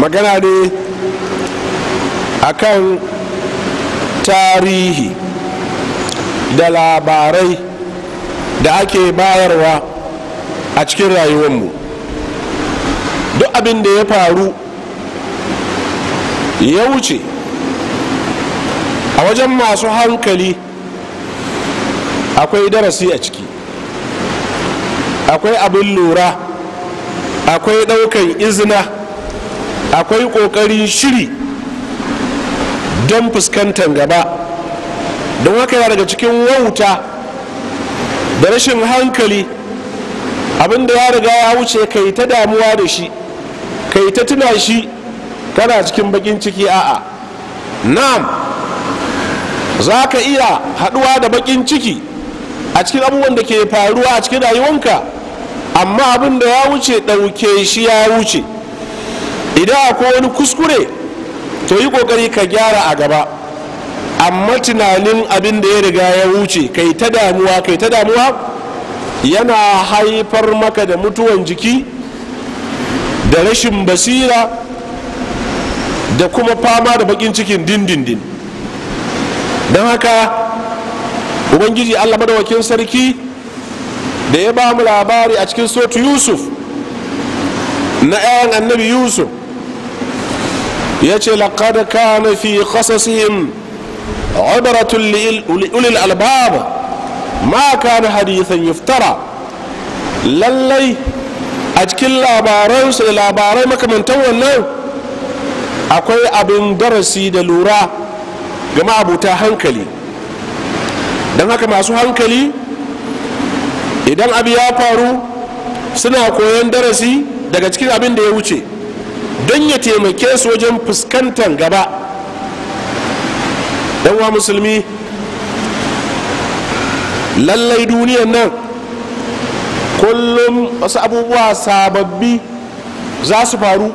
magana ne akan tarihi da labarai da ake bayarwa a cikin rayuwarmu duk abin da ya faru ya wuce a wajen masu hankali akwai darasi a ciki akwai abin lura akwai ɗaukan izina akwai ƙoƙarin shiri don fuskantar gaba don haka yana daga cikin wauta da rashin hankali abinda ya riga ya wuce kai ta damuwa da shi kai ta tuna shi kana cikin bakin ciki a'a na'am za ka iya haɗuwa da bakin ciki a cikin abubuwan da ke faruwa a cikin rayuwanka amma abinda ya wuce ɗauke shi ya wuce idan akwai wani kuskure to yi kokari ka gyara a gaba amma tunanin abin da ya riga ya wuce kai ta damuwa kai ta damuwa yana haifar maka da mutuwan jiki da rashin basira da kuma fama da bakin cikin dindindin don haka ubangiji allah madawakin sarki da ya ba mu labari a cikin sotu yusuf na 'ya'yan annabi yusuf ya ce laƙad kana fi qasasihim ibratun li ulil albab ma kana hadithan yuftara lallai a cikin labaransu da labarai makamantan wannan akwai abin darasi da lura ga ma'abuta hankali don haka masu hankali idan abu ya faru suna koyon darasi daga cikin abin da ya wuce don ya taimake su wajen fuskantar gaba wa musulmi lallai duniyan nan kullum wasu abubuwa sababbi za su faru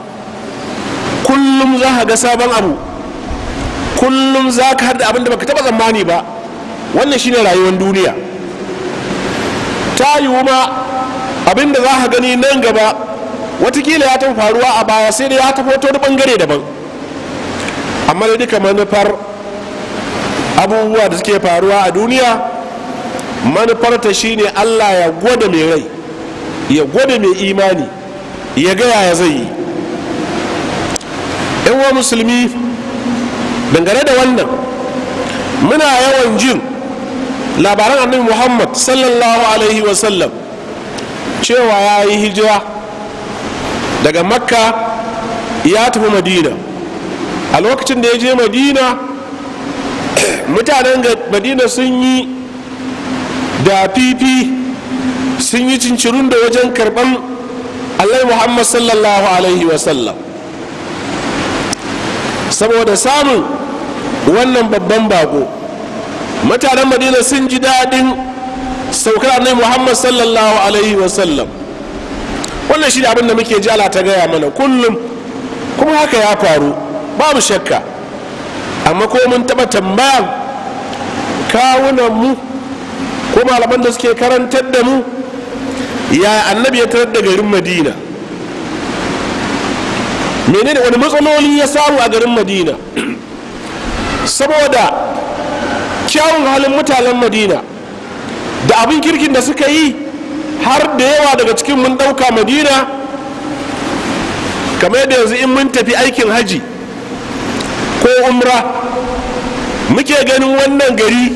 kullum za ka ga sabon abu kullum za ka hada abin da baka taba tsammani ba wannan shine rayuwar duniya ta yiwu ma abinda za ka gani nan gaba watakila ya tafi faruwa a baya sai da ya tafi wata wani bangare daban amma da duka manufar abubuwa da suke faruwa a duniya manufarta shine allah ya gwada mai rai ya gwada mai imani ya gaya ya zai yi yan wa musulmi dangane da wannan muna yawan jin labaran annabi muhammad sallallahu alaihi wasallam cewa ya yi hijira daga makka ya tafi madina a lokacin da ya je madina mutanen madina sun yi da fifi sun yi cincirun da wajen karban allai muhammad sallallahu alaihi wasallam saboda samun wannan babban bako mutanen madina sun ji daɗin saukar annai muhammad sallallahu alaihi wasallam wannan shi da abinda muke ji ta gaya mana kullum kuma haka ya faru babu shakka amma ko mun taɓa tambaya kawunan mu ko malaman da suke karantar da mu ya annabi ya tarar da garin madina menene wani matsaloli ya samu a garin madina saboda kyawun halin mutanen madina da abin kirkin da suka yi har da yawa daga cikin mun ɗauka madina kamar da yanzu in mun tafi aikin haji ko umra muke ganin wannan gari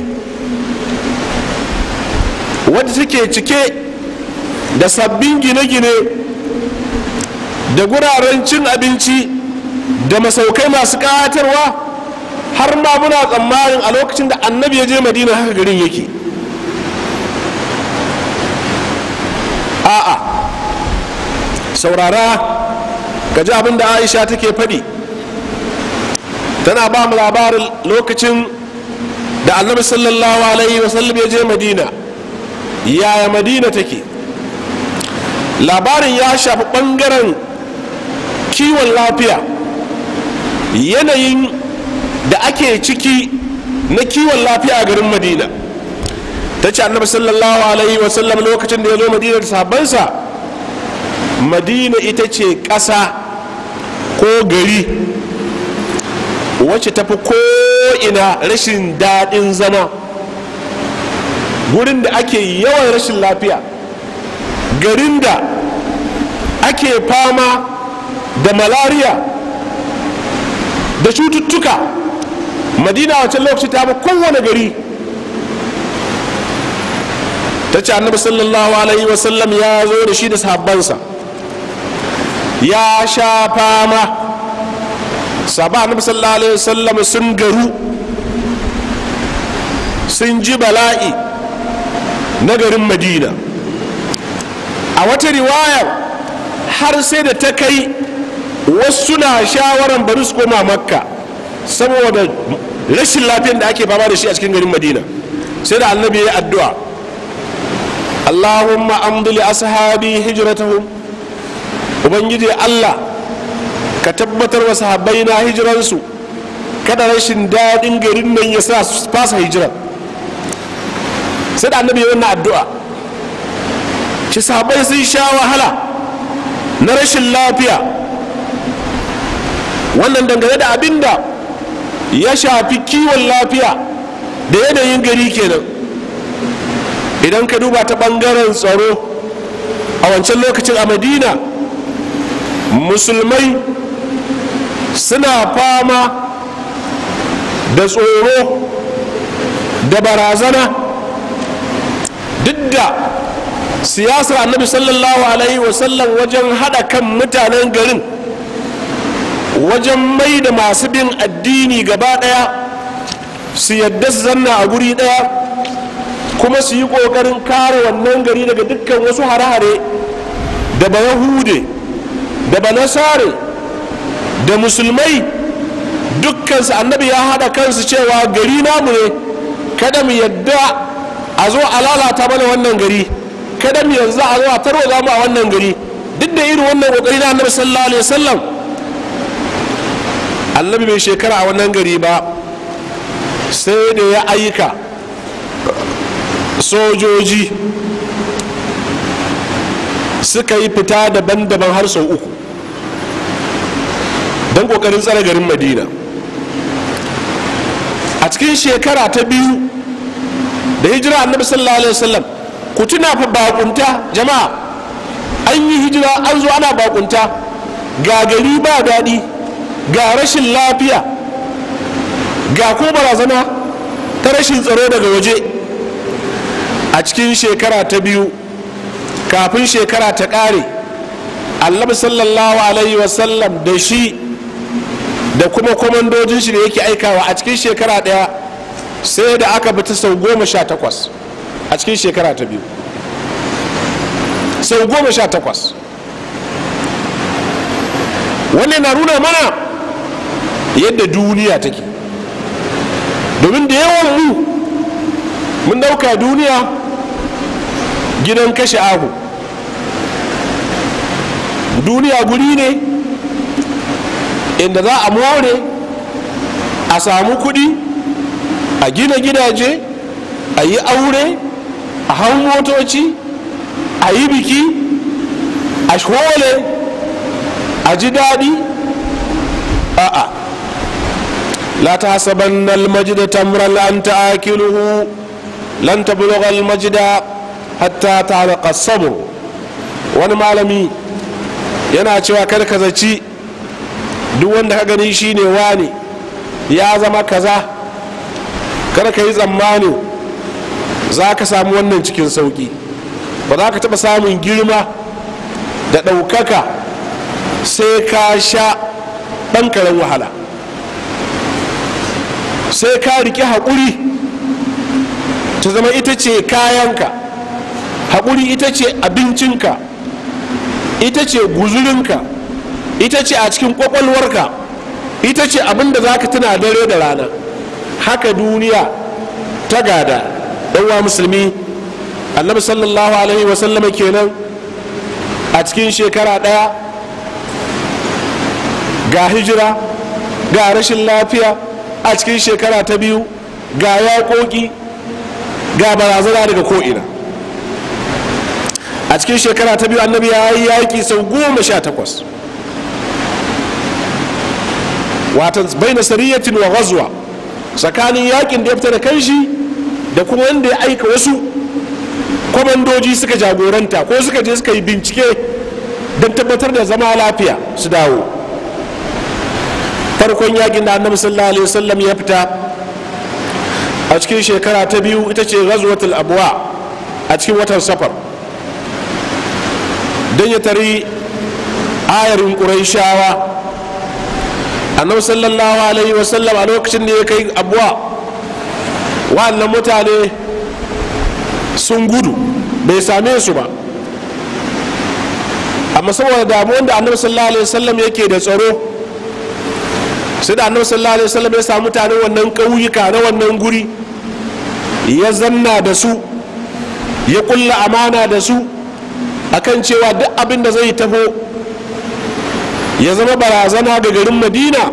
wadda suke cike da sabbin gine-gine da guraren cin abinci da masaukai masu ƙayatarwa har ma muna tsammanin a lokacin da annabi ya je madina haka garin yake a'a saurara ka ji abin da aisha take faɗi tana ba mu labarin lokacin da annabi sallallahu alaihi wasallam ya je madina yaya madina take labarin ya shafi ɓangaren kiwon lafiya yanayin da ake ciki na kiwon lafiya a garin madina ta ce annabi sallallahu alaihi wasallam lokacin da ya zo madina da madina ita ce ƙasa ko gari wacce tafi ko'ina rashin daɗin zama gurin da ake yawan rashin lafiya garin da ake fama da malariya da cututtuka madina wacce lokaci ta fi kowane gari ta ce annabi sallallahu alaihi wasallam ya zo da shi da sahabbansa ya sha fama sahaba annabi sallallahu alaihi wasallam sun garu sun ji bala'i na garin madina a wata riwayar har sai da ta kai wasu na shawaran bari su koma makka saboda rashin lafiyar da ake fama da shi a cikin garin madina sai da annabi ya yi addu'a allahumma amdi li ashabi hijratahum ubangiji allah ka tabbatar wa sahabbai na hijiransu kada rashin daɗin garin nan ya sa su fasa hijiran sai da annabi wannan addu'a ci sabai sun sha wahala na rashin lafiya wannan dangane da abinda ya shafi kiwon lafiya da yanayin gari kenan idan ka duba ta bangaren tsaro a wancan lokacin a madina musulmai suna fama da tsoro da barazana duk da siyasar annabi sallallahu alaihi wasallam wajen hada kan mutanen garin wajen mai da masu bin addini gaba daya su yadda su zanna a guri daya kuma su yi ƙoƙarin kare wannan gari daga dukkan wasu hare-hare da ba yahude da ba nasare da musulmai dukkansu annabi ya haɗa kansu cewa gari namu ne kada mu yadda a zo a lalata mana wannan gari kada mu yanzu a zo a tarwaza mu a wannan gari duk da irin wannan ƙoƙari na annabi sallallahu alaihi wasallam annabi bai shekara a wannan gari ba sai da ya ayyuka sojoji suka yi fita daban-daban har sau uku don kokarin tsare garin madina a cikin shekara ta biyu da hijira annabi sallallahu alaihi wasallam ku tuna fa bakunta jama'a an yi hijira an zo ana bakunta ga gari ba daɗi ga rashin lafiya ga ko barazana ta rashin tsaro daga waje a cikin shekara ta biyu kafin shekara ta ƙare annabi sallallahu alaihi wasallam da shi da kuma kwamandojin shi da yake aikawa a cikin shekara ɗaya sai da aka bi ta sau goma sha takwas a cikin shekara ta biyu sau goma sha takwas wanne na nuna mana yadda duniya take domin da yawan mu mun ɗauka duniya gidan kashe ahu duniya guri ne inda za a more a samu kudi a gina gidaje a yi aure a hau motoci a yi biki a shole a ji daɗi a'a la ta hasaban almajida tamran an ta'akiluhu lan almajida hatta ta'alaqa sabr wani malami yana cewa kada ka zaci duk wanda ka gani shi shine wani ya zama kaza kada ka yi tsammani za ka samu wannan cikin sauƙi ba za ka taɓa samun girma da ɗaukaka sai ka sha ɗan wahala sai ka riƙe haƙuri ta zama ita ce kayanka haƙuri ita ce abincinka ita ce guzurinka ita ce a cikin ƙwaƙwalwarka ita ce abin da za ka tuna dare da rana haka duniya ta gada ɗanwa musulmi annabi sallallahu alaihi wasallama kenan a cikin shekara ɗaya ga hijira ga rashin lafiya a cikin shekara ta biyu ga yaƙoƙi ga barazana daga ko'ina a cikin shekara ta biyu annabi ya yi yaƙi sau goma sha takwas watan bai na sariyatin wa ghazwa tsakanin yaƙin da ya fita da kanshi da kuma wanda ya aika wasu kwamandoji suka jagoranta ko suka je suka yi bincike don tabbatar da zama lafiya su dawo farkon yaƙin da annabi sallallahu alaihi wasallam ya fita a cikin shekara ta biyu ita ce ghazwatul abwa a cikin watan safar don ya tari ayarin ƙuraishawa annabi sallallahu alaihi wasallam a lokacin da ya kai abuwa wannan mutane sun gudu bai same su ba amma saboda damuwan da annabi sallallahu alaihi wasallam yake da tsaro sai da annabi sallallahu alaihi wasallam ya samu mutane wannan ƙauyuka na wannan guri ya zanna da su ya kulla amana da su akan cewa duk abin da zai taho ya zama barazana ga garin madina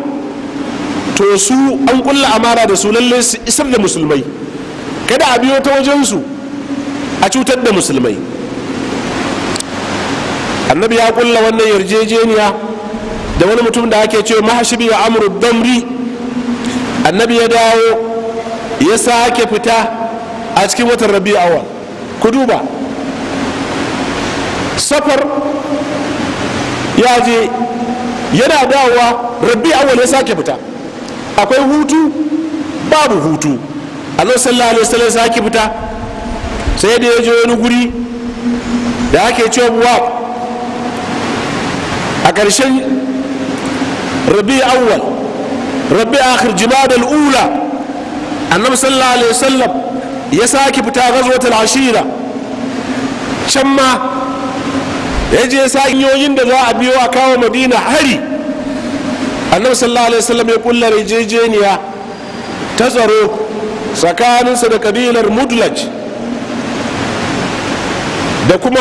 to su an kulla amara da su lalle su isar da musulmai kada a biyo ta wajensu a cutar da musulmai annabi ya kulla wannan yarjejeniya da wani mutum da ake cewa mahashibi ya amuru damri annabi ya dawo ya sake fita a cikin watan rabi'awa ku duba safar ya je yana dawowa rabbi awal ya sake fita akwai hutu babu hutu allah sallallahu alaihi wasallam sake fita sai da ya je wani guri da ake cewa buwa a ƙarshen rabbi awwal rabbi akhir jimadal ula annabi sallallahu alaihi wasallam ya sake fita ghazwatul ashira can ma ya je sa sanyoyin da za a biyo a kawo madina hari annabi sallallahu alaihi wasallam ya kulla rejejeniya ta tsaro tsakaninsa da kabilar mudlaj da kuma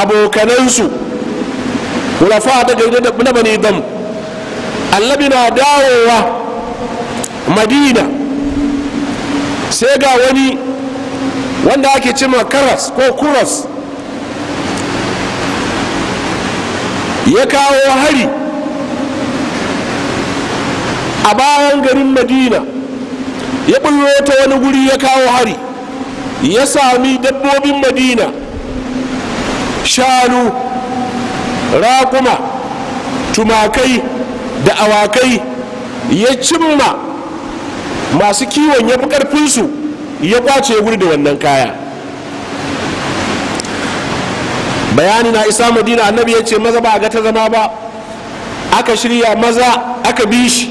abokanansu kulafa da gaida na bani dam allabi na dawowa madina sai ga wani wanda ake cima karas ko kuras ya kawo hari a bayan garin madina ya bullo ta wani guri ya kawo hari ya sami dabbobin madina shanu raƙuma tumakai da awakai ya cimma masu kiwon ya fi ƙarfinsu ya kwace wuri da wannan kaya bayani na isa madina annabi ya ce maza ba a ga ta zama ba aka shirya maza aka bi shi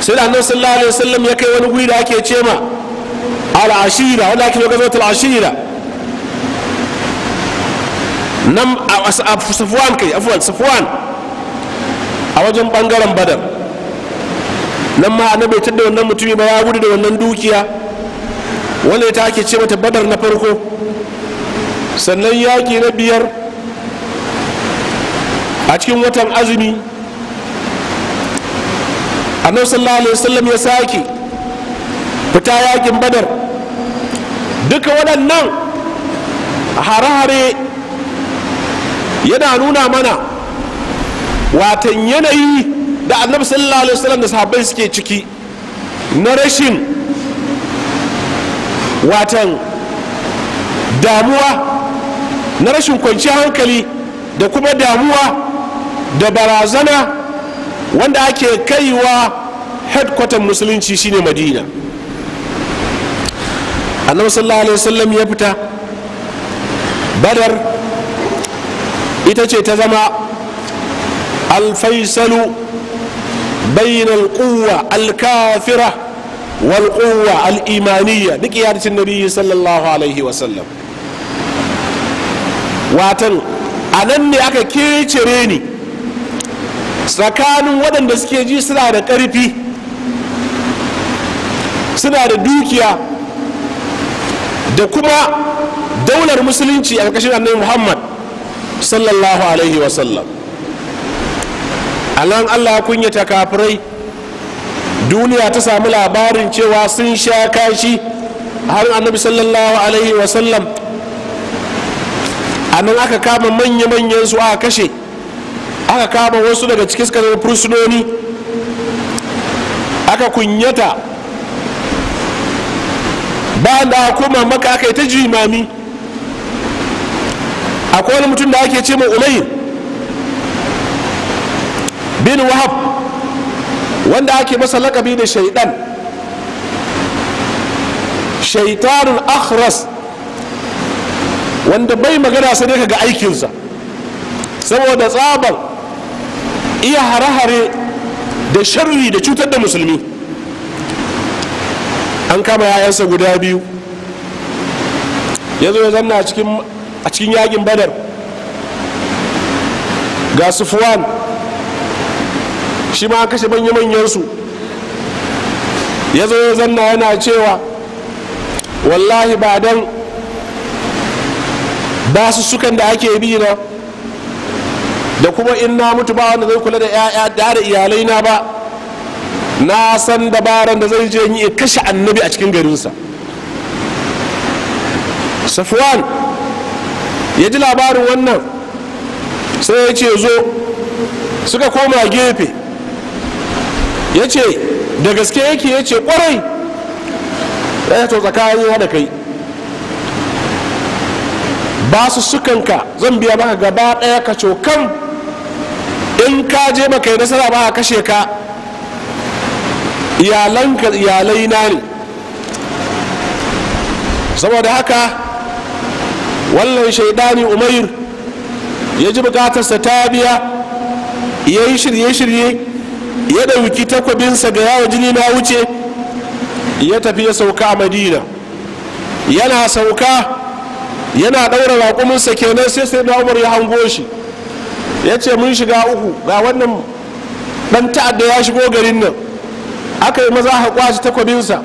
sai da annabi sallallahu alaihi wasallam ya kai wani guri da ake ce ma al-ashira wanda ake zo ta al-ashira nan a safwan kai afwan safwan a wajen bangaren badar nan ma annabi tadda wannan mutumi ba ya gudu da wannan dukiya wanda ta ake ce mata badar na farko sannan yaƙi na biyar a cikin watan azumi annabi sallallahu alaihi wasallam ya sake fita yaƙin badar duka waɗannan hare-hare yana nuna mana watan yanayi da annabi sallallahu alaihi wasallam da sahabbai suke ciki na rashin watan damuwa na rashin kwanciyar hankali da kuma damuwa da barazana wanda ake kaiwa headquarter musulunci shine madina annabi sallallahu alaihi wasallam ya fita badar ita ce ta zama alfaisalu bayin alƙuwa alkafira والقوة الإيمانية نكي يارت النبي صلى الله عليه وسلم watan a nan ne aka kecere ni tsakanin waɗanda suke ji suna da ƙarfi suna da dukiya da kuma daular musulunci a ƙarƙashin annabi muhammad sallallahu alaihi wasallam a nan allah kunyata kafirai duniya ta samu labarin cewa sun sha kashi har annabi sallallahu alaihi wasallam a nan aka kama manya-manyan su aka kashe aka kama wasu daga cikin suka zama fursunoni aka kunyata ba da kuma maka aka yi ta jimami akwai wani mutum da ake ce ma umair bin wahab wanda ake masa lakabi da shaidan shaitanun akhras wanda bai magana sai dai kaga aikinsa saboda tsaban iya hare-hare da sharri da cutar da musulmi an kama yayansa guda biyu ya ya zanna a cikin yakin badar ga sufuwan shi ma kashe manya-manyansu ya zo ya zanna yana cewa wallahi ba dan basu sukan da ake bi na da kuma in na mutu ba wanda zai kula da 'ya'ya da da iyalai na ba na san dabaran da zai je yi kashe annabi a cikin garinsa safwan ya ji labarin wannan sai ya ce zo suka koma gefe ya ce da gaske yake ya ce kwarai ya to tsakanin da kai ba su sukanka zan biya maka gaba ɗaya ka cokan in ka je baka yi nasara ba a kashe ka iyalanka iyalai na ne saboda haka wannan shaidani umair ya ji bukatarsa ta biya ya yi shirye-shirye ya ɗauki takwabinsa ga yawon jini na wuce ya tafi ya sauka a madina yana sauka yana ɗaura raƙuminsa kenan sai sai da umar ya hango shi ya ce mun shiga uku ga wannan ɗan ta'adda ya shigo garin nan aka yi maza aka kwashi takwabinsa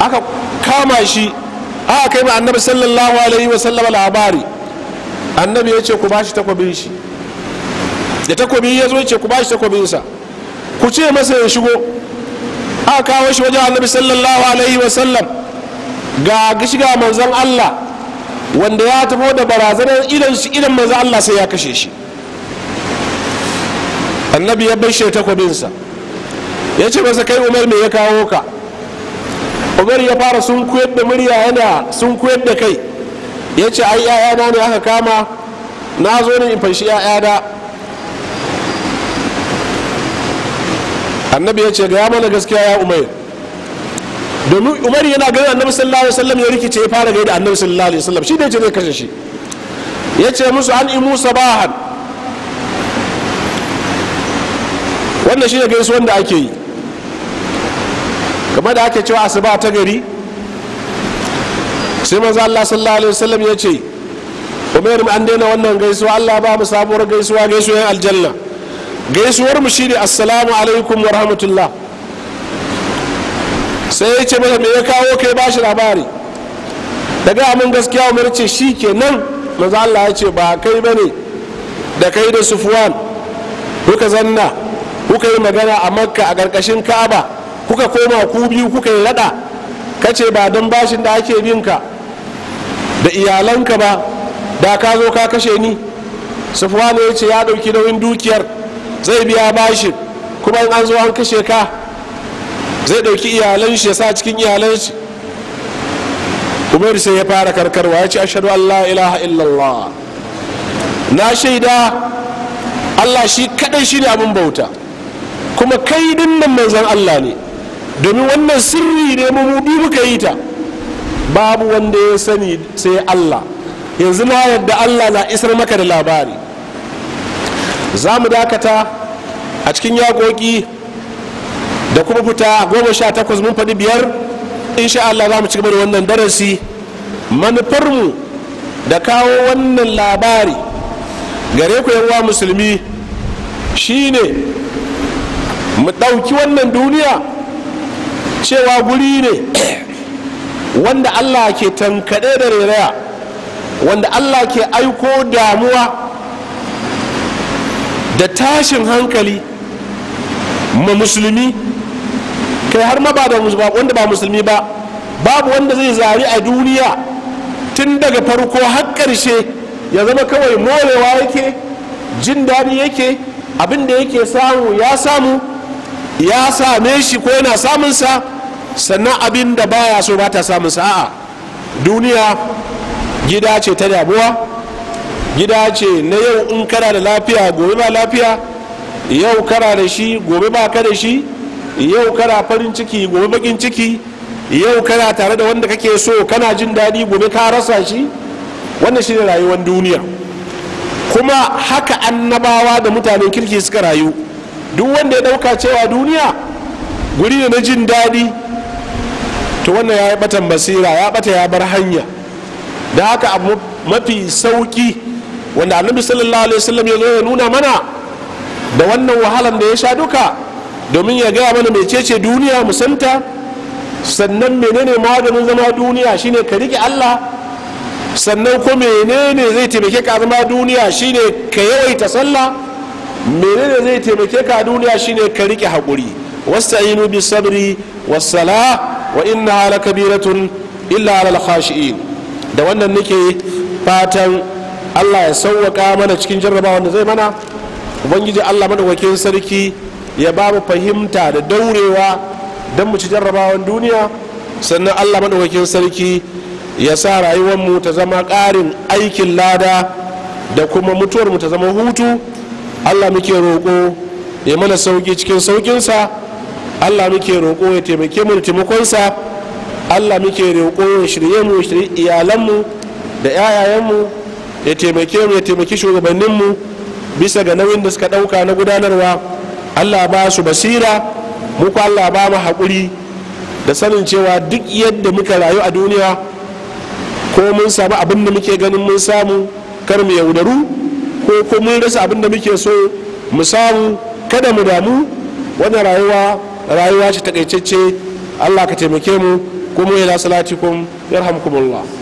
aka kama shi aka kai ma annabi sallallahu alaihi wa sallam labari annabi ya ce ku bashi takwabin shi da takwabi ya zo ce ku bashi takwabinsa ku ce masa ya shigo aka kawo shi wajen annabi sallallahu alaihi wa sallam ga shiga manzon Allah wanda ya tafi da barazanar idan shi idan manzo Allah sai ya kashe shi annabi ya bashe takwabinsa ya ce masa kai umar mai ya kawo ka umar ya fara sun da murya yana sun da kai ya ce ai ‘ya'yana ne aka kama na zo ne in 'ya'ya ‘ya'yana annabi ya ce ga mana gaskiya ya umar domin umar yana ganin annabi sallallahu alaihi wasallam ya rikice ya fara gaida annabi sallallahu alaihi wasallam shi ne ce zai kashe shi ya ce musu an imu sabahan wannan shi ne gaisu wanda ake yi kamar da ake cewa asuba ta gari sai manzo Allah sallallahu alaihi wasallam ya ce umar an daina wannan gaisuwa Allah ba mu sabuwar gaisuwa gaisuwar aljanna gaisuwar mu shine assalamu alaikum wa rahmatullah sai ya ce masa me ya kawo kai ba shi labari da gaya mun gaskiya umar ce shi kenan nan Allah ya ce ba kai ba ne da kai da Sufwan kuka zanna kuka yi magana a Makka a karkashin Ka'aba kuka koma ku biyu kuka yi rada kace ba don bashin da ake bin ka da iyalanka ba da ka zo ka kashe ni Sufwan ya ce ya ɗauki nauyin dukiyar zai biya bashin kuma in an zo an kashe ka zai ɗauki iyalan shi ya sa cikin iyalan shi umar sai ya fara karkarwa ya ce ashadu allah ilaha illallah na shaida allah shi kaɗai shi ne abin bauta kuma kai dinnan manzan allah ne domin wannan sirri ne mu muka yi ta babu wanda ya sani sai allah yanzu na yadda allah na isar maka da labari za mu dakata a cikin yaƙoƙi da kuma fita a goma sha takwas mun faɗi biyar insha Allah za mu ci gaba da wannan darasi manufarmu da kawo wannan labari gare ku yawa musulmi shine mu ɗauki wannan duniya cewa guri ne wanda Allah ke tankaɗe da rairaya wanda Allah ke aiko damuwa da tashin hankali ma musulmi kai har ma ba da wanda ba musulmi ba babu wanda zai zari a duniya tun daga farko har karshe ya zama kawai morewa yake jin daɗi yake abin da yake samu ya samu ya same shi ko yana samun sa sannan abin da baya so ba ta samun sa'a duniya gida ce ta damuwa gida ce na yau in kana da lafiya gobe ba lafiya yau kana da shi gobe ba ka da shi yau kana farin ciki gobe bakin ciki yau kana tare da wanda kake so kana jin daɗi gobe ka rasa shi wannan shine rayuwar duniya kuma haka annabawa da mutanen kirki suka rayu duk wanda ya ɗauka cewa duniya guri ne na jin daɗi to wannan ya yi batan basira ya bata ya bar hanya da haka abu mafi sauki wanda annabi sallallahu alaihi wasallam ya zo ya nuna mana da wannan wahalan da ya sha duka domin ya gaya mana mecece duniya musanta sannan menene maganin zama duniya shine ka rike Allah sannan ko menene zai taimake ka zama duniya shine ka yawaita sallah menene zai taimake ka duniya shine ka rike haƙuri wasta'inu bi sabri wassala wa inna Kabiratun illa ala khashi'in da wannan nake fatan Allah ya sauwaka mana cikin jarrabawa da zai mana ubangiji Allah madaukakin sarki ya ba mu fahimta da daurewa don mu ci jarrabawan duniya sannan allah maɗaukakin sarki ya sa rayuwarmu ta zama ƙarin aikin lada da kuma mutuwarmu ta zama hutu allah muke roƙo ya mana sauƙi cikin sauƙinsa allah muke roƙo ya taimake mu da taimakonsa allah muke roƙo ya shirye mu ya shirye iyalanmu da 'ya'yayenmu ya taimake mu ya taimaki shugabanninmu bisa ga nauyin da suka ɗauka na gudanarwa allah ba su basira muku allah ba mu haƙuri da sanin cewa duk yadda muka rayu a duniya ko mun samu abin da muke ganin mun samu kar mu yaudaru ko ko mun rasa abin da muke so mu samu kada mu damu wani rayuwa rayuwa ce takaitacce allah ka taimake mu kuma ya salatikum yarhamkumullah